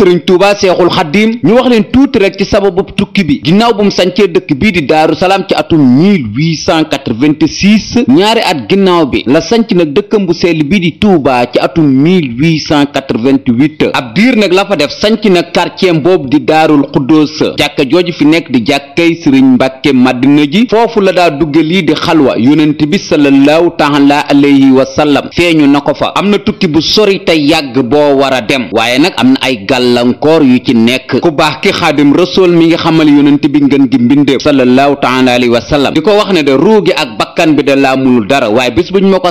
sëriñ tuuba seexul xaddiim ñu wax leen tuuti rek ci sababub tukki bi ginnaaw bu mu sancee dëkk bii di daaru salaam ci atum 1886 ñaari at ginnaaw bi la sanc nag dëkkam bu sell bii di tuuba ci atum 1888 ab diir nag la fa def sanc nag quartier boobu di daarul xuddoos jàkka jooju fi nekk di jàkkay sëriñ mbàkke madina ji foofu la daa duggal lii di xalwa yonent bi sallallahu taala alayhi wa sallam feeñu na ko fa am na tukki bu sori te yàgg boo war a dem waaye nag am na ay gàllankoor yu ci nekk ku baax ki xaadim rasool mi ngi xamal yonent bi ngën gi mbindéef sallallahu taala alayhi wa di ko wax ne de ruu ak bakkan bakkan bi de laa munul dara waaye bis bu ñu ma ko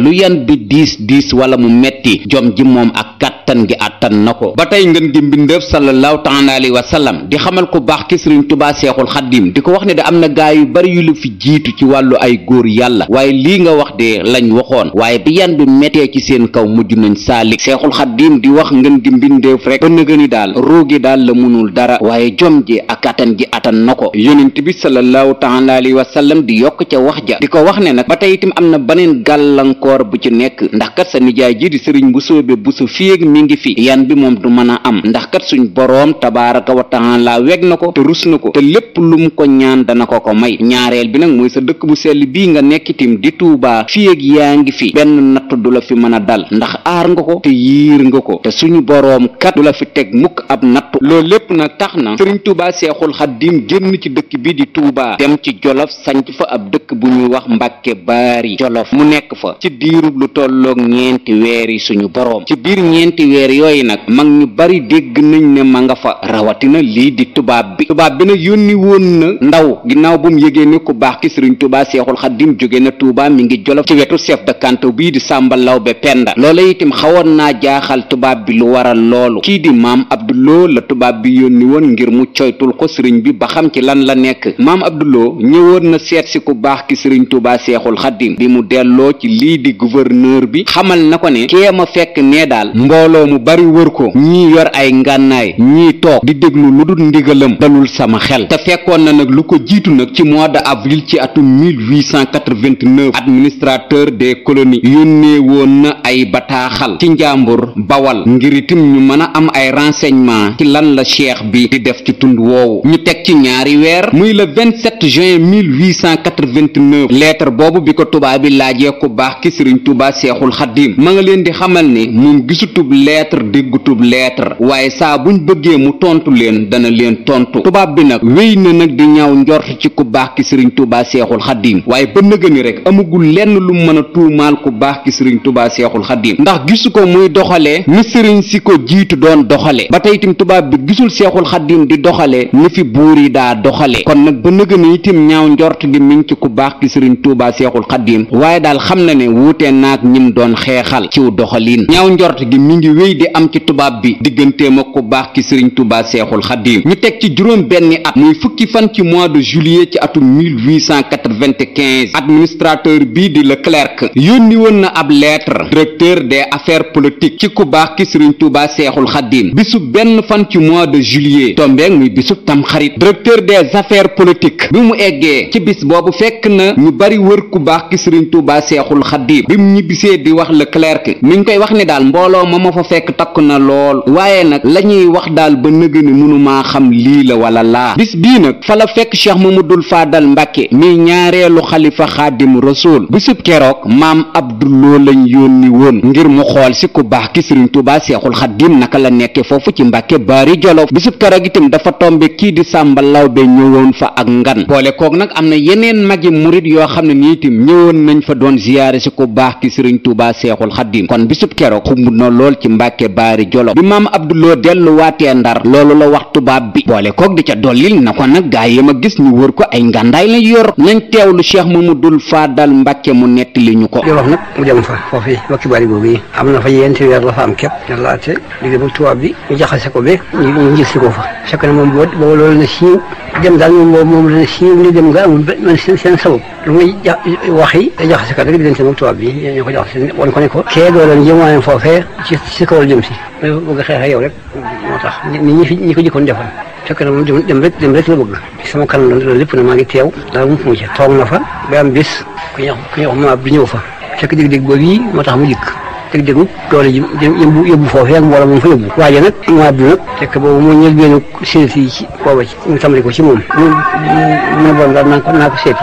lu yan bi diis diis wala mu metti jom ji moom ak kàttan gi àttan na ko ba tey ngeen gi mbindéef sallallahu taala alayhi wa sallam di xamal ku baax ki sëriñ tubaa seexul xaddim di ko wax ne da am na gaa yu bari yu la fi jiitu ci wàllu ay góor yàlla waaye lii nga wax de lañ waxoon waaye bi yan bi mettee ci seen kaw mujj nañ saalik seexul xaddim di wax ngeen gi mbindéef rek ba nëgëni daal ruugi daal la munul dara waaye jom ji ak kàttan gi àttan na ko yonent bi sallallahu taala alayhi wa sallam di yokk ca wax wax ja di ko wax ne nag ba tey am na baneen gàllankoor bu ci nekk ndax kat sa nijaay ji di sëriñ bu soobe bu su fieg mi ngi fi yan bi moom du mën a am ndax kat suñ boroom tabaaraka wa taala weg na ko te rus na ko te lépp lu ko ñaan dana ko ko may ñaareel bi nag mooy sa dëkk bu sell bii nga nekkitim di tuubaa fieg yaa ngi fi benn natt du la fi mën a dal ndax aar nga ko te yiir nga ko te suñu boroom kat du la fi teg mukk ab natt loolu lépp nag tax na sëriñ Tuubaa Seexul Xaddiim génn ci dëkk bi di Tuubaa dem ci Jolof sanc fa ab dëkk bu ñuy wax Mbàkke Baari Jolof mu nekk fa ci diirub lu tolloog ñeenti weer yi suñu boroom ci biir ñeenti weer yooyu nag mag ñu bari dégg nañ ne ma nga fa rawatina lii di tubaab bi tubaab bi nag yónni woon na ndaw ginnaaw bu mu yégée ne ku baax ki sëriñ Tuubaa Seexul Xaddiim jóge na Tuubaa mi ngi Jolof ci wetu chef de bii di sàmba lawbe penda loola itam xawoon naa jaaxal tubaab bi lu waral loolu kii di maam abduloo la tubaab bi yónni woon ngir mu coytul ko sëriñ bi ba xam ci lan la nekk maam abduloo ñëwoon na seet si ku baax ki sëriñ tubaa seexul xaddim bi mu delloo ci lii di gouverneur bi xamal na ko ne kee ma fekk nee daal mbooloo mu bari wër ko ñii yor ay ngànnaay ñii toog di déglu lu dul ndigalam dalul sama xel te fekkoon na nag lu ko jiitu nag ci mois de avril ci yónnee woon na ay bataaxal ci njàmbur bawal ngir itam ñu mën a am ay renseignement ci lan la cheikh bi di def ci tund woowu ñu teg ci ñaari weer muy le 27 juin 1889 lettre boobu bi ko tubaab bi laajee ku baax ki sëriñ Tuubaa seexul xaddiim ma nga leen di xamal ni moom gisutub lettre déggutub lettre waaye saa buñ bëggee mu tontu leen dana leen tontu tubaab bi nag wéy na nag di ñaaw njort ci ku baax ki sëriñ Tuubaa seexul xaddiim waaye ba nëgëni rek amagul lenn lu sëriñ tubaa seexul xaddiim ndax gisu ko muy doxalee ni sëriñ si ko jiitu doon doxalee ba tey itam tubaab bi gisul seexul xaddiim di doxalee ni fi buur yi daa doxalee kon nag ba nëga ni itam ñaaw njort gi mi ngi ci ku baax ki sëriñ tubaa seexul xaddiim waaye daal xam na ne wuutee naag ñim doon xeexal ciw doxaliin ñaaw njort gi mi ngi wéy di am ci tubaab bi digganteem ak ku baax ki sëriñ tubaa seexul xaddiim ñu teg ci juróom benni at muy fukki fan ci mois de juillet ci atum 1895 administrateur bii di Leclerc yónni woon na ab ab lettre directeur des affaires politiques ci ku baax ki sëriñ Tuuba seexul xaddiim bisu benn fan ci mois de juillet tombeeg muy bisu tamxarit directeur des affaires politiques bi mu eggee ci bis boobu fekk na ñu bari wër ku baax ki sëriñ Tuuba seexul xaddiim bi mu ñibbisee di wax le clerc mi ngi koy wax ni daal mbooloo ma ma fa fekk takk na lool waaye nag la ñuy wax daal ba nëgë ni mënumaa xam lii la wala laa bis bii nag fa la fekk cheikh dul faadal mbakki mi ñaareelu xalifa xaadim rasul bisub keroog maam abdullo ko lañ yónni woon ngir mu xool si ku baax ki sëriñ Tuubaa Seexul Xadiim naka la nekke foofu ci Mbàkke Baari Jolof bisub keroog itam dafa tombe kii di Sàmba Lawbe ñëwoon fa ak ngan boole koog nag am na yeneen magi murit yoo xam ne nii itam ñëwoon nañ fa doon ziyaare si ku baax ki sëriñ Tuubaa Seexul Xadiim kon bisub keroog xumb na lool ci Mbàkke Baari jolo bi maam Abduloo delluwaatee Ndar loolu la wax tubaab bi boole koog di ca dollil na ko nag gaa yi ma gis ñu wër ko ay ngàndaay lañ yor nañ teewlu Cheikh Mamadul Faadal Mbàkke mu nettali ñu ko am fa foofu wakki bari googu yi am na fa yenti weer la fa am képp ndax la atte liggéey bu tubaab bi ñu jaxase ko ba ñu ñu njël si ko fa fekk na moom boobu boobu loolu na siiw dem daal moom boobu moom dana siiw da jaxase ko rek diggante moom tubaab bi ñoo ko jaxase woon ko ne ko kee doo doon ni ñi fi ñi ko na moom dem rek dem rek la na maa teew daal mu fu mu ci toog na fa am bis ku ñëw ku ñëw fa fekk dég-dég boobu yi moo tax mu dikk dég-dégu doole ji yóbbu yóbbu foofee ak mbooloo mu fa yóbbu waaje nag mu àddu nag fekk boobu moo ñël benn seeti ci booba ci ko ci moom mu mu bon daal naa ko naa ko seet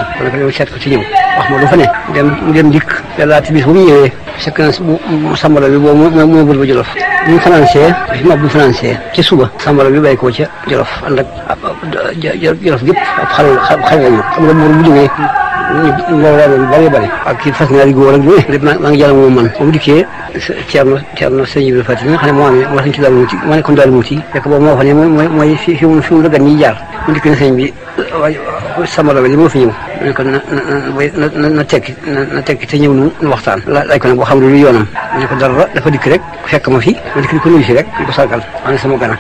ko ci ñëw wax ma lu fa ne dem dem dikk yàlla tibis bu mu ñëwee séquence bu sambalo bi boobu mooy mooy bët ba Jolof bu ñu financé ma bu financé ci suba sambalo bi bay ko ca Jolof ànd ak Jolof gépp ab xal xal lañu xam nga bu jógee mbooloo mi bari bari ak ci naa di góor ak ñu lépp maa ngi jàll moom man moom dikkee Thierno Thierno sëñ Ibrahima ci daal muuti moo nekkoon daal muuti fekk boobu moo fa ne mooy mooy fi fi mu fi mu la gan ñiy jaar na moo ko na na na tekki na tekki te ñëw nu waxtaan laaj ko ne boo xam ne lu yoonam mu ne ko dara dafa dikk rek fekk ma fi ma dikk di ko nuyu si rek di ko sargal ma sama gana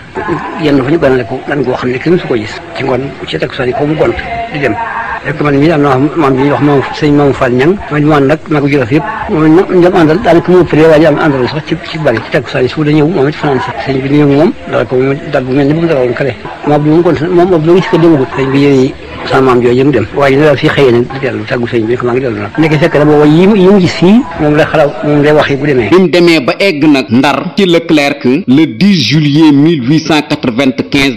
yenn fa ñu ganale ko gan goo xam ne kenn su ko gis ci ngoon ci teg ko mu gont di dem rek man mii daan na wax maam bi wax maam sëñ maam Fall Ñang ma ñu ànd nag maa ko jëloon fi yëpp moom it ñu àndal daanaka mu ëppale waa ji am àndal sax ci ci bari ci tegu saa yi su da ñëw moom it fanaan si sëñ bi ñëw moom dal ko dal bu mel ni bu mu dalaloon kale moom bi moom kon moom moom loo ngi si ko déglu sëñ bi yéen yi sama maam jooju mu dem waaye dina daal fii xëyee na nag na booba yi yi mu gis fii moom la xalaw moom lay wax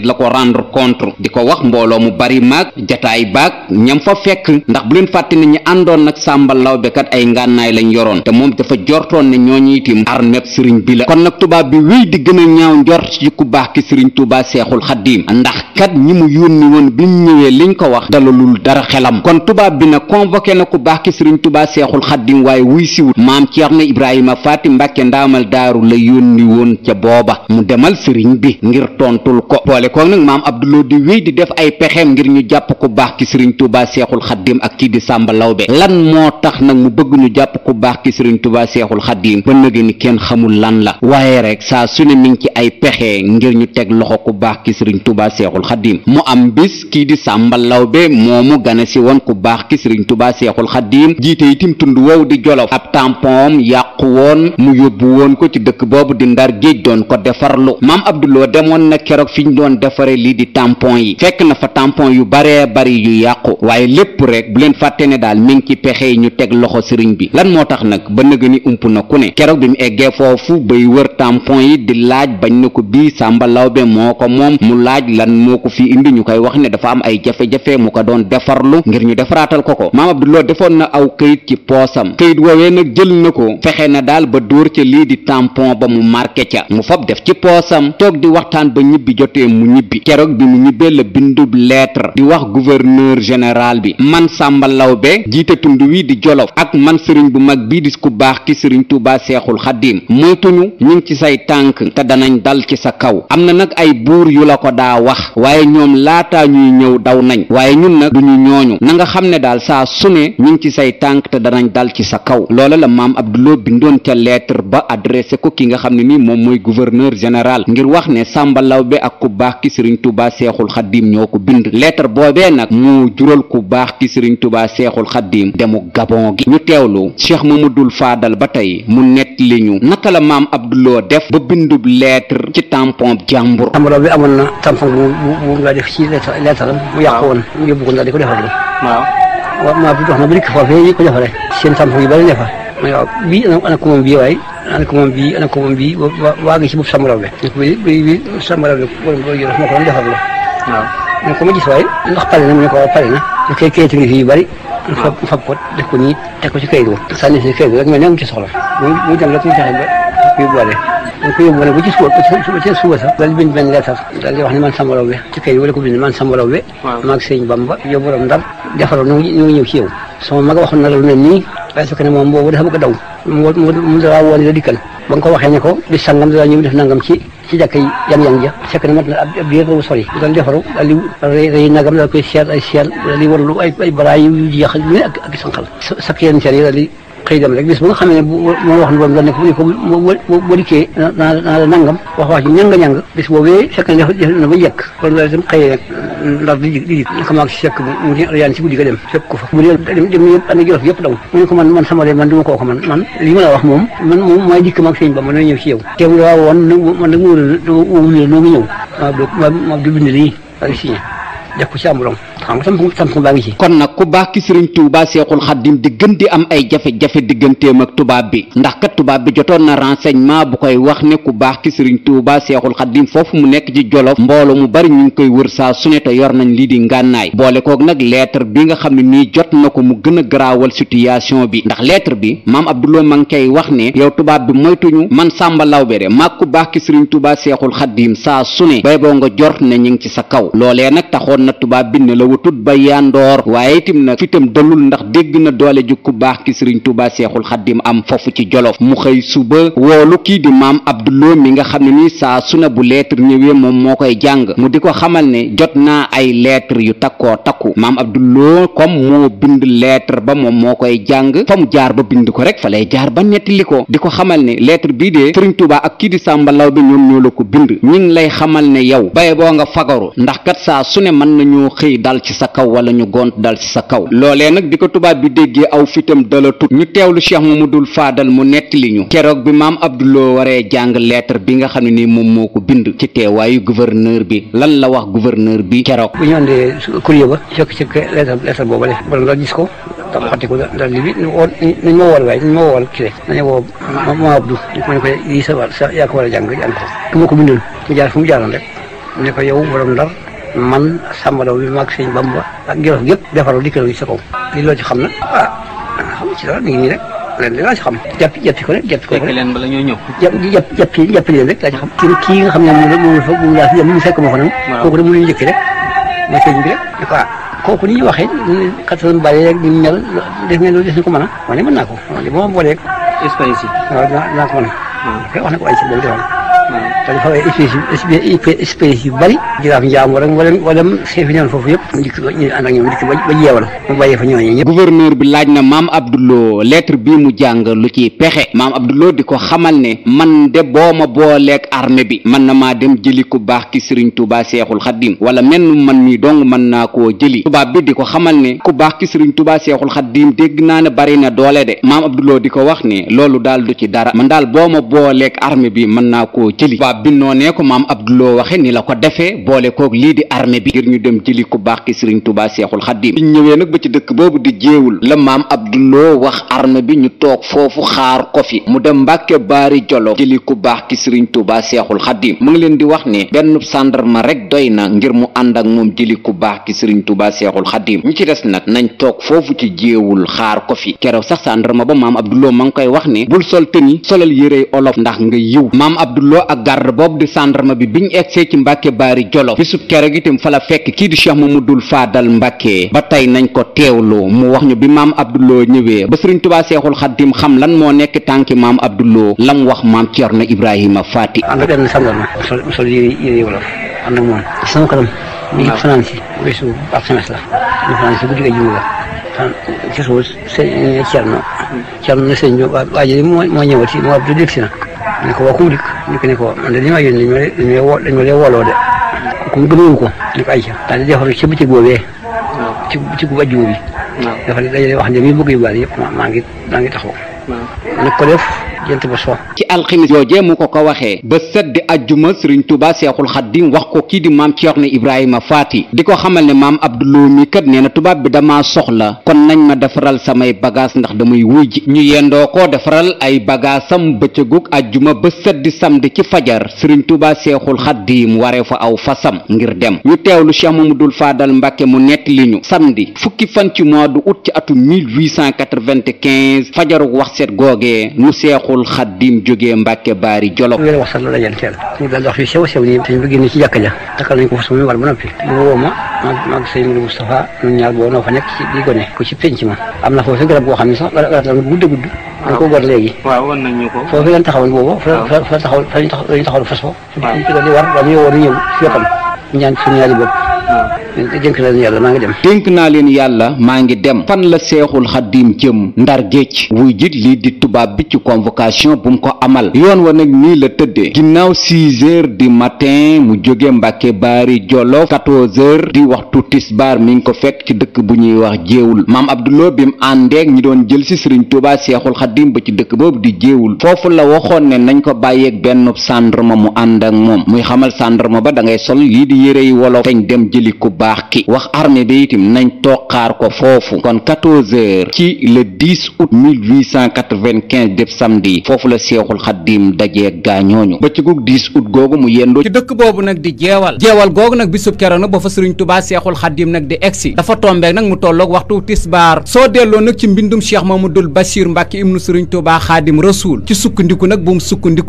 la ko rendre compte di ko wax mbooloo mu bari maag jataay baag ñam fa fekk ndax bu leen fàtte ne ñi àndoon nag Sàmba Lawbe kat ay ngànnaay lañ yoroon te moom dafa jortoon ne ñooñu itim armeb sëriñ bi la kon nag tubaab bi wéy di gën a ñaaw njort ci ku baax ki sëriñ Tuubaa Seexul Xaddiim ndax kat ñi mu yónni woon bi mu ñëwee liñ ko wax wax dalalul dara xelam kon tubaab bi na convoqué na ku baax ki sëriñ tubaa seexul xaddim waaye wuy siwut maam ceerno ibrahima faati mbàkke ndaamal daaru la yónni woon ca booba mu demal sëriñ bi ngir tontul ko boole ko nag maam abduloo di wéy di def ay pexeem ngir ñu jàpp ku baax ki sëriñ tubaa seexul xaddim ak kii di sàmba lawbe lan moo tax nag mu bëgg ñu jàpp ku baax ki sëriñ tubaa seexul xaddim ba nëgë ni kenn xamul lan la waaye rek saa su mi ci ay pexe ngir ñu teg loxo ku baax ki sëriñ tubaa seexul boobee moomu gane si woon ku baax ki sëriñ tubaa seexul xaddiim jiite itim tund wow di jolof ab tampon yàqu woon mu yóbbu woon ko ci dëkk boobu di ndar géej doon ko defarlu maam abduloo demoon na keroog fi ñu doon defare lii di tampon yi fekk na fa tampon yu baree bari yu yàqu waaye lépp rek bu fàtte ne daal mi ngi ci pexe yi ñu teg loxo sëriñ bi lan moo tax nag ba nëga ni ump na ku ne keroog bi mu eggee foofu bay wër tampon yi di laaj bañ na ko bii sàmba lawbe moo ko moom mu ko doon defarlu ngir ñu defaraatal ko ko maam Abdou defoon na aw këyit ci poosam këyit woowee nag jël na ko fexe na daal ba dóor ca lii di tampon ba mu marqué ca mu fab def ci poosam toog di waxtaan ba ñibbi jotee mu ñibbi keroog bi mu ñibbee la bindub lettre di wax gouverneur général bi man Samba Lawbe jiite tund wi di Jolof ak man sëriñ bu mag bii di ku baax ki sëriñ Tuubaa Seexul Xaddiim moytuñu ñu ngi ci say tànk te danañ dal ci sa kaw am na nag ay buur yu la ko daa wax waaye ñoom laataa ñuy ñëw daw nañ waaye ñun nag du ñu ñooñu na nga xam ne daal saa su ne ñu ngi ci say tànk te danañ dal ci sa kaw loola la maam Abdoulo bindoon ca lettre ba adressé ko ki nga xam ne ni moom mooy gouverneur général ngir wax ne Samba Lawbe ak ku baax ki Serigne Touba Seexul Xaddiim ñoo ko bind lettre boobee nag mu jural ku baax ki Serigne Touba Seexul Xaddiim demu Gabon gi ñu teewlu Cheikh dul faadal ba tey mu nett li ñu naka la maam Abdoulo def ba bindub lettre ci tampon jàmbur. yóbbu ko ndax di ko defa waaw waaw maa fi wax na bu dikk foofee yi ko defaree. seen samp yu bëri ne fa. bi bii ana ko moom bii waaye ana ko moom bii ana ko moom bii waa ngi si bopp Samba Laobé. bii bii Samba Laobé borom boo jëlee moo ko doon defar la. waaw mais ko ma gis waaye ndax pare na mu ne ko pare na. bu koy kayit ngi fi yu bëri. fab fab ko de ko nii teg ko ci kayit boobu. sànni si kayit rek mais ne ci soxla. muy muy dem rek muy fexe ba. koy boole dañ koy boole ba ci suba ba ci suba sax daal bind benn lettre daal di wax ne man sama raw bi ci kay wala ko bind man sama raw bi maag sëñ Bamba yow borom ndar defaroo ñu ngi ñëw ci yow sama mag waxoon na la lu mel nii waaye su ko ne moom boobu dafa bëgg a daw mu dawaa woon la dikkal ba nga ko waxee ne ko bis sangam dara ñëw def nangam ci ci jàkkay yang-yang ja fekk na mat na ab diir bu sori daal defaru daal di rëy nagam daal koy seet ay seet daal di warlu ay ay baraay yu jeex lu ne ak ak sanqal sakk yenn seen yi daal di xëy dem rek bis bu nga xamee ne moo wax loolu nga ne ko ne ko bu dikkee naa la nangam wax wax ci ñanga bis boobee fekk na na ba yekk kon loolu itam xëy rek mm, ndar di di di xamaa si fekk mu ngi yaan si guddi dem fekk ko mu dee dem dem yëpp ana mu ne ko man sama de man du ma koo ko man man li ma la wax moom man moom mooy dikk maag ba man na ñëw si yow teewul waaw woon man nag wóolu ne noo ngi ñëw maa ma di bind lii ak signé def ko ku baax ki sëriñ tuubaa seexul xaddim di gën di am ay jafe-jafe digganteem ak tubaab bi ndax kat tubaab bi jotoon na renseignement bu koy wax ne ku baax ki sëriñ tuubaa seexul xaddim foofu mu nekk ci jolof mboolo mu bari ñu ngi koy wër saa su yor nañ lii di ngànnaay boole nag lettre bi nga xam ne nii jot na ko mu gën a garaawal situation bi ndax lettre bi maam abduloo ma ngi koy wax ne yow tubaab bi moytuñu man sàmba lawbere maag ku baax ki sëriñ tuubaa seexul xaddim saa su ne bay boo nga jor ne ñu ngi ci sa kaw loolee nag taxoon na tubaab bi ne la ba yandoor itam nag fitam dalul ndax dégg na doole ju ku baax ki sëriñ Tuubaa Seexul Xaddim am foofu ci Jolof mu xëy suba woolu kii di maam Abduloo mi nga xam ne nii saa su ne bu lettre ñëwee moom moo koy jàng mu di ko xamal ne jot naa ay lettre yu takkoo takku maam Abduloo comme moo bind lettre ba moom moo koy jàng fa mu jaar ba bind ko rek fa lay jaar ba nettali ko di ko xamal ne lettre bii dee sëriñ Tuubaa ak kii di Sàmba Lawbe ñoom ñoo la ko bind ñi lay xamal ne yow bay boo nga fagaru su ne mën nañoo xëy dal ci sa kaw wala ñu gont sa kaw loolee nag bi ko tubaab bi déggee aw fitam dala tut ñu teewlu cheikh mamadul faadal mu nettali ñu keroog bi maam abduloo waree jàng lettre bi nga xam ne ni moom moo ko bind ci teewaayu gouverneur bi lan la wax gouverneur bi keroog bu ñu andee courrier ba fekk ci lettre lettre ko tam xotti ko dal li ñu woon nañ ma a jàng jàng ko ku ndar man sàmbalaw bi mag sëñ Bamba ak Jolof yëpp defaral dikkee wu ci sa kaw. loo ci xam na ah xam ci dara mi ngi rek leen li laa xam. jàpp jàppi ko rek jàppi ko rek fekk leen bala ñoo ñëw. jàpp jàppi jàppi leen ci xam. kii kii nga xam ne moom la moom la fa moom laa fi mu fekk ma ko nag. waaw kooku de mu leen njëkk rek ma sëñ bi rek. waaw ah, kooku ni ñu waxee nii kattan bàyyi rek ni mu mel def ngeen loolu des ko mën a. ma mën naa ko ma ne ma boolee. expérience yi. waaw dinaa ko mën a. waaw wax na ko ay si boobu dañu xaw a espèce yu bëri jiraaf njaamu rek wala wala seefi noon foofu yëpp dikk ñu ànd ak ñoom dikk ba jeewal mu bi laaj na maam Abdoulou lettre bi mu jàng lu ci pexe maam Abdoulou di ko xamal ne man de boo ma booleeg armée bi man na maa dem jëli ku baax ki Serigne Touba Seexul Xaddim wala menn man mi dong mën naa koo jëli tubaab bi di ko xamal ne ku baax ki Serigne Touba Seexul Xaddim dégg naa ne bari na doole de maam Abdoulou di ko wax ni loolu daal du ci dara man daal boo ma booleeg armée bi mën naa ko jëli waa binnoo nee ko maam abduloo boole koog lii di armée bi ngir ñu dem jëli ku baax ki sëriñ tubaa seexul xaddim biñ ñëwee nag ba ci dëkk boobu di jéewul la maam abduloo wax armée bi ñu toog foofu xaar ko fi mu dem mbàkke baari jolof jëli ku baax ki sëriñ tubaa seexul xaddim mu ngi leen di wax ni benn sàndarma rek doy na ngir mu ànd ak moom jëli ku baax ki sëriñ tubaa seexul xaddim ñi ci des nag nañ toog foofu ci jéewul xaar ko fi keroog sax sàndarma ba maam abduloo ma ngi koy wax ni bul sol tëni solal yérey olof ndax nga yiw maam abduloo ak garde boobu di gendarme bi biñ egsee ci mbàkke baari jolof bisub keroog itam fa la fekk kii di cheikh dul faadal mbàkke ba tey nañ ko teewlu mu wax ñu bi maam abduloo ñëwee ba sëriñ tubaa seexul xaddim xam lan moo nekk tànki maam abduloo lam wax maam na ibrahima faati ànd ak benn sàndarma sol sol yére yére wolof ànd ak moom ñu ngi fanaan si weesu ab semestre la ñu fanaan si guddi ajuma la fan ci suuf sëñ Cerno Cerno na sëñ bi waa ji moo moo ñëwal si moo abdu dégg si na ko waa ku mu dikk ñu ko ne ko man de li de ku mu gëmewu ko ñu ko ay ca daal di defar ci bëccëg boobee ci bëccëg a ajuma bi dafa dajale wax ne mi bëgg yu bari yëpp maa ngi maa ngi taxaw ko def ci alximis joojee mu ko ko waxee ba set di ajjuma sëriñ tuuba seexul xaddim wax ko kii di maam ibraahima ibrahima yi di ko xamal ne maam abduloo mi kat nee na tubaab bi dama soxla kon nañ ma defaral samay bagage ndax damay wuy ji ñu yendoo ko defaral ay bagaasam bëccëgug ajjuma ba set di samedi ci fajar sëriñ tuuba seexul xaddim waree fa aw fasam ngir dem ñu teewlu cheikh dul faadal mbàkke mu netti li ñu samedi fukki fan ci mois d'août ci atum 1895 fajarug wax set googee nu seexul seexul xaddim jógee mbàkke baari jolof ngeen wax sax la yéen teel ñu daal wax yu sew sew nii sëñ bi génn ci jàkka ja takkal nañ ko fa sama war ba noppi mu woo ma maag sëñ Modou Moustapha ñun ñaar boo noo fa garab goo xam ne sax gudd gudd dañ ko gor léegi foofu lañ taxawal boobu fa fa taxawal fa lañ taxawal fas fa ñu ko di war dañuy war ñëw si wetam ñaan suñu dénk naa leen yàlla maa ngi dem. dénk naa leen yàlla maa ngi dem fan la seexul xaddiim jëm ndar géej wuy jit lii di tubaab bi ci convocation bu mu ko amal yoon wa nag nii la tëddee ginnaaw six heures di matin mu jóge Mbàkke Baari Jolof quatorze heures di waxtu tisbaar mi ngi ko fekk ci dëkk bu ñuy wax jéewul maam Abdoulo bi mu àndeek ñi doon jël si Sëriñ Tuubaa seexul xaddiim ba ci dëkk boobu di jéewul foofu la waxoon ne nañ ko bàyyeeg benn gendarme mu ànd ak moom muy xamal jëli ku baax ki wax armée bi itam nañ toqaar ko foofu kon 14 heures ci le 10 août 1895 def samedi foofu la seexul xaddim dajee gaañooñu ba ci gug 10 août googu mu yendoo di jeewal jeewal ba fa sëriñ tubaa seexul xaddim nag di egsi dafa tombeek nag mu tolloog waxtu tisbaar soo delloo nag ci mbindum cheikh mamadul bachir mbàkke ibnu sëriñ tubaa xaadim rasuul ci sukkandiku nag bu mu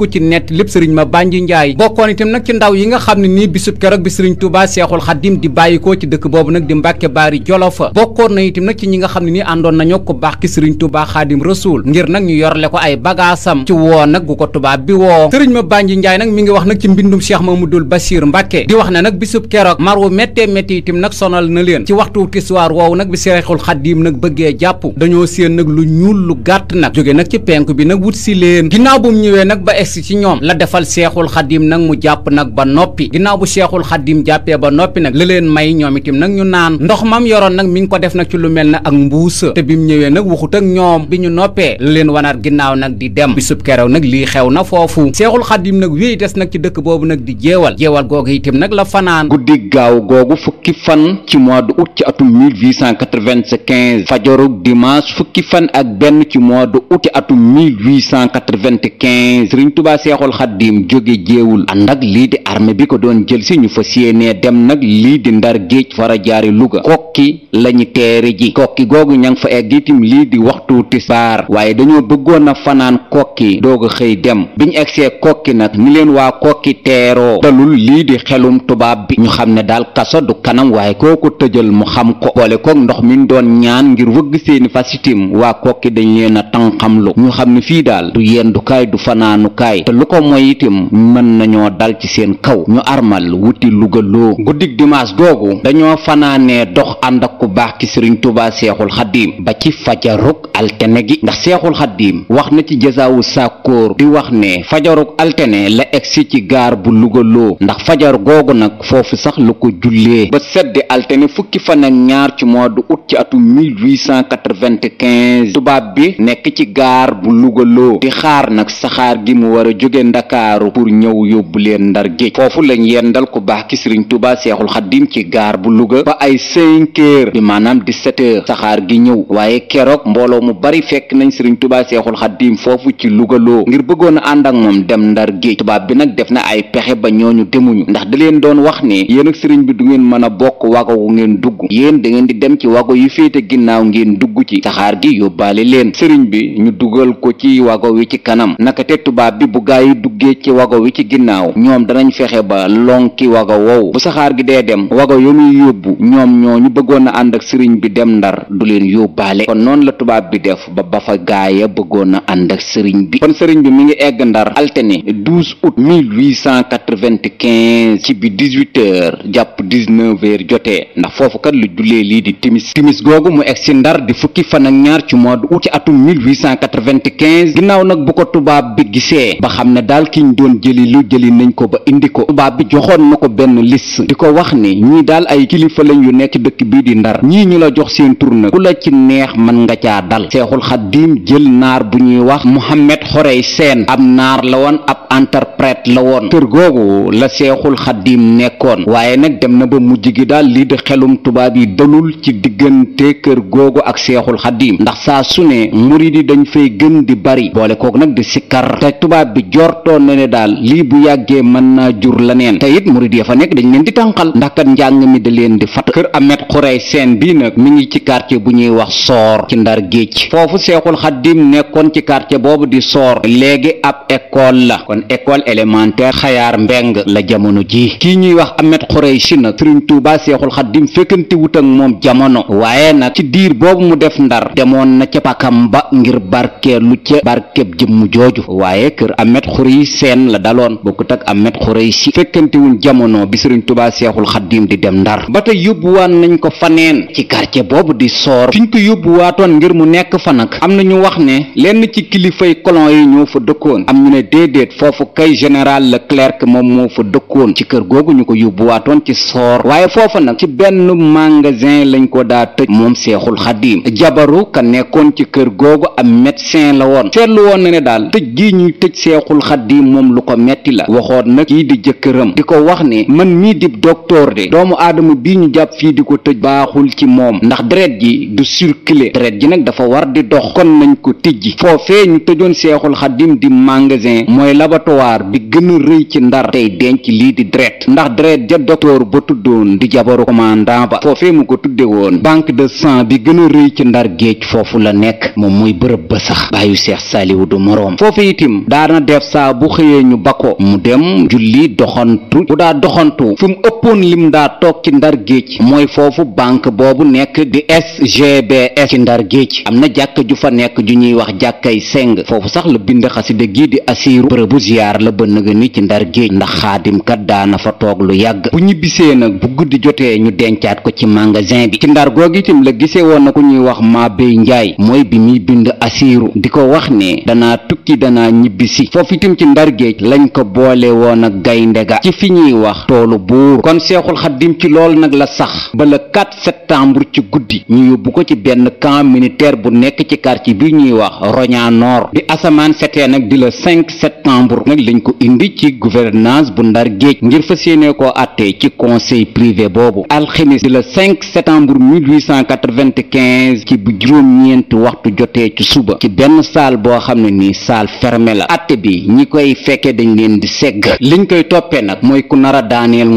ci nett lépp sëriñ ma bànji bokkoon itam nag ci ndaw yi nga xam ne nii bisub keroog bi sëriñ tubaa seexul xaddim di bàyyi bàyyikoo ci dëkk boobu nag di Mbàkke Baari Jolofa bokkoon na itam nag ci ñi nga xam ne ni àndoon nañoo ko baax ki Sëriñ Tuubaa Xaadim Rasuul ngir nag ñu yorle ko ay bagaasam ci woo nag gu ko tubaab bi woo sëriñ ma Bànji Njaay nag mi ngi wax nag ci mbindum mu dul Basiir Mbàkke di wax na nag bisub keroog mar wu mettee métti itam nag sonal na leen ci waxtu tiswaar woowu nag bi Seexul Xaadim nag bëggee jàpp dañoo séen nag lu ñuul lu gàtt nag jóge nag ci penk bi nag wut si leen ginnaaw bu ñëwee nag ba egsi ci ñoom la defal Seexul Xaadim nag mu jàpp nag ba noppi ginnaaw bu Seexul Xaadim jàppee ba noppi nag leen may ñoom itam nag ñu naan ndox mam yoroon nag mi ngi ko def nag ci lu mel ne ak mbuus te bi mu ñëwee nag waxut ak ñoom bi ñu noppee la leen wanaat ginnaaw nag di dem bisub kerew nag lii xew na foofu seexul xadim nag wéy des nag ci dëkk boobu nag di jéewal jéewal googu itam nag la fanaan guddi gaaw googu fukki fan ci mois de août ci atum 1895 fajorug dimanche fukki fan ak benn ci mois de août atum 1895 sëriñ tubaa seexul xadim jóge jéewul ànd ak lii di armée bi ko doon jël si di ndar géej fara jaari Louga kokki lañu teeri ji kokki googu ña fa egg itam lii di waxtu tisbaar waaye dañoo bëggoon a fanaan kokki doog a xëy dem biñ egsee kokki nag ni leen waa kokki teeroo dalul lii di xelum tubaab bi ñu xam ne daal kaso du kanam waaye koo ko tëjal mu xam ko boole koog ndox mi doon ñaan ngir wëgg seeni fas itam waa kokki dañ leen a tànqamlu ñu xam ne fii daal du yendukaay du fanaanukaay te lu ko mooy itam mën nañoo dal ci kaw ñu dimanche googu dañoo fanaanee dox ànd ak ku baax ki sëriñ tubaa seexul xaddiim ba ci fajarug altene gi ndax seexul xaddiim wax na ci jasaawu sàkkóor bi wax ne fajarug altene la egsi ci gaar bu lugaloo ndax fajar googu nag foofu sax lu ko jullee ba seddi altene fukki fan ñaar ci mois de août ci atu 1895 tubaab bi nekk ci gaar bu lugaloo di xaar nag saxaar gi mu war a jóge ndakaaru pour ñëw yóbbu leen ndar géej foofu lañ yendal ku baax ki sëriñ tubaa seexul xaddiim xaddim ci gaar bu Louga ba ay cinq heures bi maanaam di sept heures saxaar gi ñëw waaye keroog mbooloo mu bari fekk nañ sëriñ Tuubaa Seexul Xaddim foofu ci Louga loo ngir bëggoon a ànd ak moom dem Ndar géej tubaab bi nag def na ay pexe ba ñooñu demuñu ndax da leen doon wax ni yéen sëriñ bi du ngeen mën a bokk wago wu ngeen dugg yéen da ngeen di dem ci wago yu féete ginnaaw ngeen dugg ci saxaar gi yóbbaale leen sëriñ bi ñu dugal ko ci wago wi ci kanam naka te tubaab bi bu gaa yi duggee ci wago wi ci ginnaaw ñoom danañ fexe ba lonki wago dem wago yu muy yóbbu ñoom ñoo ñu bëggoon a ànd ak sëriñ bi dem ndar du leen yóbbaale kon noonu la tubaab bi def ba ba fa gaaya bëggoon a ànd ak sëriñ bi kon sëriñ bi mu ngi egg ndar altine 12 août 1895 ci bi 18 heures jàpp 19 heures jotee ndax foofu kat lu jullee lii di timis timis googu mu egg si ndar di fukki fan ak ñaar ci mois d'août ci atum 1895 ginnaaw nag bu ko tubaab bi gisee ba xam ne daal kiñ ñu doon jëli lu jëli nañ ko ba indi ko tubaab bi joxoon na ko benn liste yi ñii daal ay kilifa lañ yu nekk dëkk bii di ndar ñii ñu la jox seen tur nag ku la ci neex mën nga caa dal seexul xaddiim jël naar bu ñuy wax Mohamed Xorey Seen ab naar la woon ab interprète la woon kër googu la seexul xaddiim nekkoon waaye nag dem na ba mujj gi daal lii di xelum tubaab yi dalul ci diggante kër googu ak seexul xaddiim ndax saa su ne murid dañ fay gën di bari boole kook nag di sikkar te tubaab bi jortoon na ne daal lii bu yàggee mën naa jur la njàng mi da leen di fat kër Ahmed Khuree Sène bii nag mi ngi ci quartier bu ñuy wax soor ci ndar géej foofu seexul xaddim nekkoon ci quartier boobu di soor léegi ab école la kon école élémentaire xayaar mbeng la jamono ji kii ñuy wax Ahmed Khuree si nag Sëriñ Tuubaa seexul xaddim fekkanti wut ak moom jamono waaye nag ci diir boobu mu def ndar demoon na ca pakam ba ngir barkeelu ca barkeb jëmm jooju waaye kër Ahmed Khuree Sène la daloon bokkut ak Ahmed xaadim di dem ndar ba tey yóbbuwaat nañ ko faneen ci quartier boobu di soor fiñ ko yóbbuwaatoon ngir mu nekk fa nag am na ñu wax ne lenn ci kilifay colon yi ñoo fa dëkkoon am ñu ne déedéet foofu kay général Leclerc moom moo fa dëkkoon ci kër googu ñu ko yóbbuwaatoon ci soor waaye foofa nag ci benn magasin lañ ko daa tëj moom seexul xaadim jabaru ka nekkoon ci kër googu am médecin la woon seetlu woon na ne daal tëj gi ñuy tëj seexul xaadim moom lu ko metti la waxoon nag kii di jëkkëram di ko wax ne man mii di de doomu aadama bii ñu jàpp fii di ko tëj baaxul ci moom ndax deret ji du circuler deret ji nag dafa war di dox kon nañ ko tijji foofee ñu tëjoon seexul xadim di magasin mooy laboratoire bi gën a rëy ci ndar tey denc lii di deret ndax deret ja docteur ba tuddoon di jabaru commandant ba foofee mu ko tudde woon banque de sant bi gën a rëy ci ndar géej foofu la nekk moom mooy bërëb ba sax bàyyu seex saaliwu du moroom foofu itim daana def saa bu xëyee ñu bako mu dem daa toog ci ndar géej mooy foofu banque boobu nekk di sgbs ci ndar géej am na jàkk ju fa nekk ju ñuy wax jàkkay seng foofu sax la bind xasida gii di asiiru bërëbu ziyaar la ba nëga ni ci ndar géej ndax xaadimkat daana fa toog lu yàgg bu ñibbisee nag bu guddi jotee ñu dencaat ko ci magasin bi ci ndar googu itam la gise woon na ku ñuy wax maa Mabey Njaay mooy bi muy bind asiiru di ko wax ne dana tukki dana ñibbisi foofu itam ci ndar géej lañ ko boole woon gaynde seexul xaddim ci lool nag la sax ba le 4 septembre ci guddi ñu yóbbu ko ci benn camp militaire bu nekk ci quartier bi ñuy wax Roña Nord bi asamaan setee nag di la 5 septembre nag lañ ko indi ci gouvernance bu ndar géej ngir fas yéene ko àttee ci conseil privé boobu alxemis di le 5 septembre 1895 ci bu juróom-ñeenti waxtu jotee ci suba ci benn salle boo xam ne nii salle fermée la àtte bi ñi koy fekkee dañ leen di segg liñ koy toppee nag mooy ku nar a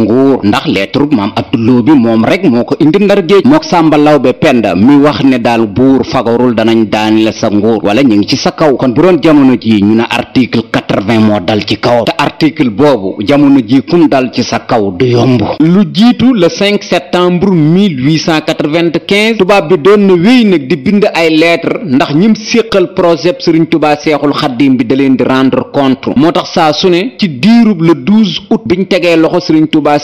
nguur ndax leen lettre maam abduloo bi moom rek moo ko indi ndar géej mook sàmba lawbe penda mi wax ne daal buur fagarul danañ daani la sa nguur wala ñu ngi ci sa kaw kon bu doon jamono ji ñu ne article 80 moo dal ci kawam te article boobu jamono ji kum dal ci sa kaw du yomb lu jiitu le 5 septembre 1895 tubaab bi doon na wéy nag di bind ay lettre ndax ñim séqal projet sëriñ tubaa seexul xaddim bi da leen di rendre compte moo tax saa su ci diirub le 12 biñ tegee loxo sëriñ tubaa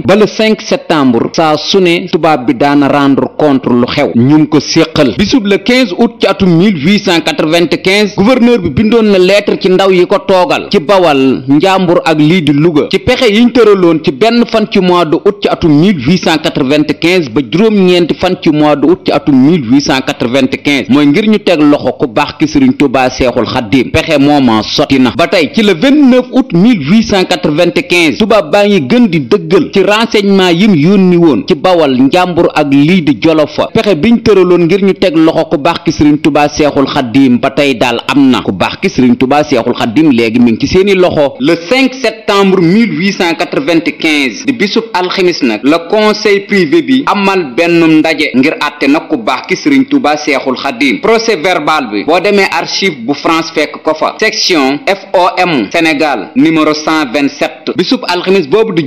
ni ba le 5 septembre saa su ne tubaab bi daana rendre compte lu xew ñun ko séqal bisub le 15 août ci atum 1895 gouverneur bi bindoon na lettre ci ndaw yi ko toogal ci bawal njàmbur ak lii di Louga ci pexe yiñ tëraloon ci benn fan ci mois de août ci atum 1895 ba juróom-ñeenti fan ci mois de août ci atum 1895 mooy ngir ñu teg loxo ku baax ki Sëriñ Tuubaa Seexul Xaddiim pexe mooma sotti na ba tey ci le 29 août 1895 tubaab baa ngi gën di dëggal ci renseignement yim yónni woon ci bawal njàmbur ak lii di jolo fa pexe bi biñ tëraloon ngir ñu teg loxo ku baax ki sëriñ tubaa seexul xaddiim ba tey daal am na ku baax ki sëriñ tubaa seexul xaddiim léegi mi ngi ci seeni loxo le 5 septembre 1895 di bisub alxemis nag la conseil privé bi amal benn ndaje ngir àtte nag ku baax ki sëriñ tubaa seexul xaddiim procès verbal bi boo demee archive bu France fekk ko fa section FOM Sénégal numéro 127 bisub alxemis boobu di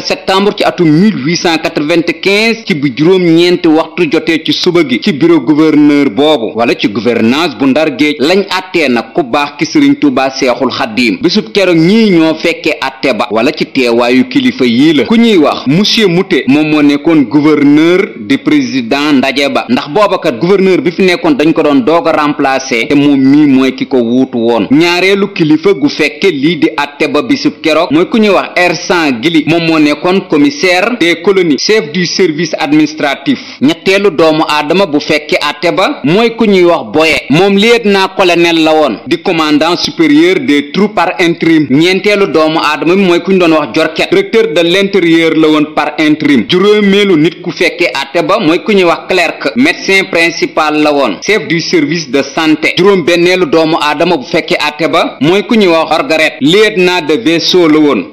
de septembre ci atum 1895 ci bu juróom-ñeenti waxtu jotee ci suba gi ci bureau gouverneur boobu wala ci gouvernance bu ndar géej lañ àttee nag ku baax ki sëriñ Tuubaa seexul xaddiim bisub keroog ñii ñoo fekkee àtte ba wala ci teewaayu kilifa yii la ku ñuy wax monsieur Mouté moom moo nekkoon gouverneur di président ndaje ba ndax booba kat gouverneur bi fi nekkoon dañ ko doon doog a remplacer te moom mii mooy ki ko wuutu woon ñaareelu kilifa gu fekke lii di àtte ba nekkoon commissaire des colonies chef du service administratif ñetteelu doomu aadama bu fekkee àtte ba mooy ku ñuy wax boye moom na colonel la woon di commandant supérieur des troupes par intérim ñeenteelu doomu aadama bi mooy ku ñu doon wax jorket directeur de l'intérieur la woon par intérim juróomeelu nit ku fekkee àtte ba mooy ku ñuy wax clerc médecin principal la woon chef du service de santé juróom benneelu doomu aadama bu fekkee àtte ba mooy ku ñuy wax orgaret lieutenant de vaisseau woon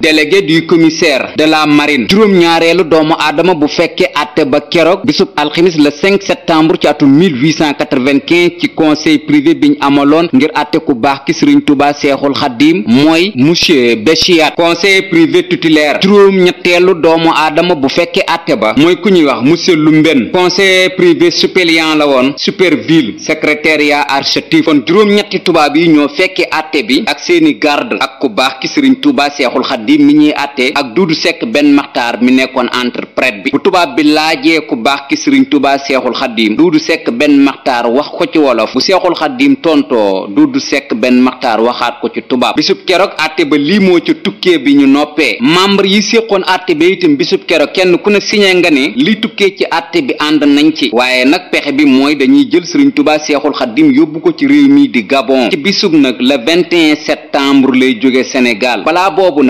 Tuuba Marine juróom-ñaareelu doomu aadama bu fekkee àtte ba keroog bisub alxamis le 5 septembre ci atum 1895 ci conseil privé biñ amaloon ngir àtte ku baax ki Sëriñ Tuuba Seexul Xaddiim mooy monsieur Béchiat conseil privé tutélaire juróom-ñetteelu doomu aadama bu fekkee àtte ba mooy ku ñuy wax monsieur Lumben conseil privé suppléant la woon superville secrétariat architif kon juróom-ñetti tubaab yi ñoo fekkee àtte bi ak seeni garde ak ku baax ki Sëriñ Tuuba ak Duudu Sekk benn maxtaar mi nekkoon entre prêtre bi bu tubaab bi laajee ku baax ki sëriñ tubaa seexul xaddiim duudu sekk benn maxtaar wax ko ci wolof bu seexul xaddiim tontoo duudu sekk benn maxtaar waxaat ko ci tubaab bisub keroog àtte ba lii moo ci tukkee bi ñu noppee membre yi séqoon àtte ba itam bisub keroog kenn ku ne siñee nga ne li tukkee ci àtte bi ànd nañ ci waaye nag pexe bi mooy dañuy jël sëriñ tubaa seexul xaddiim yóbbu ko ci réew mi di Gabon ci bisub nag le 21 septembre lay jóge Sénégal balaa boobu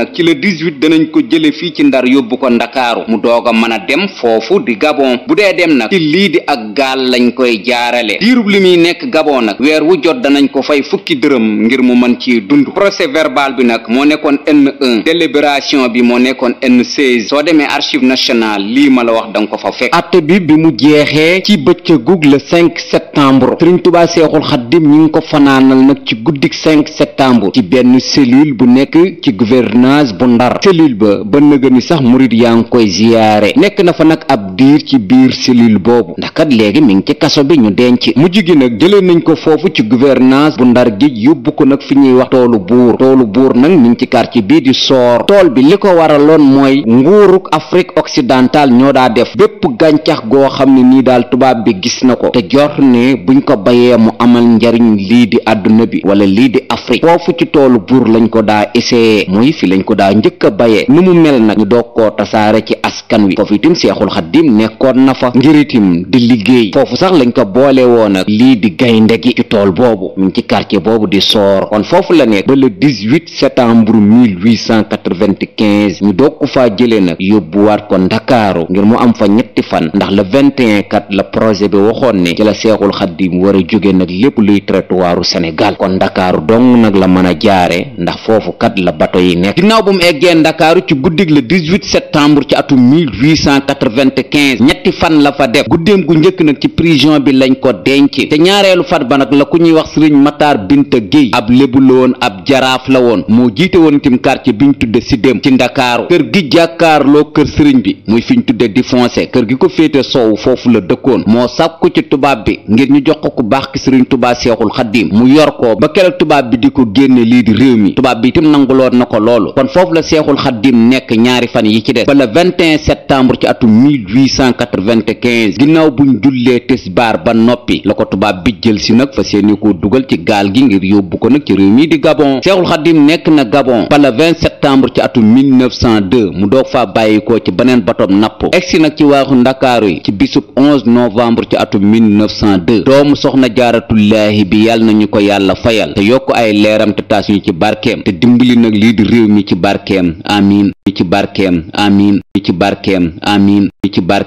ndar yóbbu ko ndakaaru mu doog a mën a dem foofu di gabon bu dee dem nag ci lii di ak gaal lañ koy jaarale diirub li muy nekk gabon nag weer wu jot danañ ko fay fukki dërëm ngir mu mën ci dund procès verbal bi nag moo nekkoon N1 délibération bi moo nekkoon enn 16 soo demee archive nationale lii ma la wax danga ko fa fekk atte bi bi mu jeexee ci bëccëgug le 5 septembre Sëriñ Tuubaa Seexul Xaddim ñi mu ko fanaanal nag ci guddik 5 septembre ci benn cellule bu nekk ci gouvernance mi sax murit yaa ngi koy ziyaare nekk na fa nag ab diir ci biir cellule boobu ndax kat léegi mi ngi ci kaso bi ñu denc mujj gi nag jëlee nañ ko foofu ci gouvernance bu ndar gi yóbbu ko nag fi ñuy wax toolu buur toolu buur nag mi ngi ci quartier bii di soor tool bi li ko waraloon mooy nguuruk Afrique occidentale ñoo daa def bépp gàncax goo xam ne nii daal tubaab bi gis na ko te jor ne buñ ko bayee mu amal njariñ lii di àdduna bi wala lii di Afrique foofu ci toolu buur lañ ko daa doog koo tasaare ci askan wi foofu itim seexul xaddim nekkoon na fa ngir itim di liggéey foofu sax lañ ko boole woon ak lii di gaynde gi ci tool boobu mu ngi ci quartier boobu di soor kon foofu la nekk ba le 18 septembre 1895 ñu doog ko faa jëlee nag yóbbuwaat kon ndakaaru ngir mu am fa ñetti fan ndax le 21 kat la projet bi waxoon ne ci la seexul mu war a jóge nag lépp luy territoire Sénégal kon ndakaaru dong nag la mën a jaare ndax foofu kat la bato yi nekk ginnaaw bu mu eggee ndakaaru ci guddig la 18 septembre ci atum 1895 ñetti fan la fa def guddeem gu njëkk nag ci prision bi lañ ko denc te ñaareelu fat ba nag la ku ñuy wax sëriñ Matar Binta Guèye ab lébu la woon ab jaraaf la woon moo jiite woon itam quartier bi ñu tudde siddéem ci Ndakaaru kër gi jàkkaarloo kër sëriñ bi muy fi ñu tudde di foncé kër gi ko féete soowu foofu la dëkkoon moo sàkku ci tubaab bi ngir ñu jox ko ku baax ki sëriñ Tubaa Seexul Xaddiim mu yor ko ba keroog tubaab bi di ko génne lii di réew mi tubaab bi itam nanguloon na ko loolu kon foofu nekk ñaari fan yi ci des ba le 21 septembre ci atum 1880 quatre-vingt-quinze ginnaaw buñ jullee tisbaar ba noppi la ko tubaab bi jël si nag fa seeni ko dugal ci gaal gi ngir yóbbu ko nag ci réew mi di Gabon Seexul Xadim nekk na Gabon ba le 20 septembre ci atum 1902 mu doog faa bàyyikoo ci beneen batoom napp egsi nag ci waaxu ndakaaru yi ci bisub 11 novembre ci atum 1902 doomu soxna jaaratullaahi bi yàlla nañu ko yàlla fayal te yokk ay leeram te taas ci barkeem te dimbali nag lii di réew mi ci barkeem amiin mi ci barkeem amiin mi ci barkeem amiin mi ci barkeem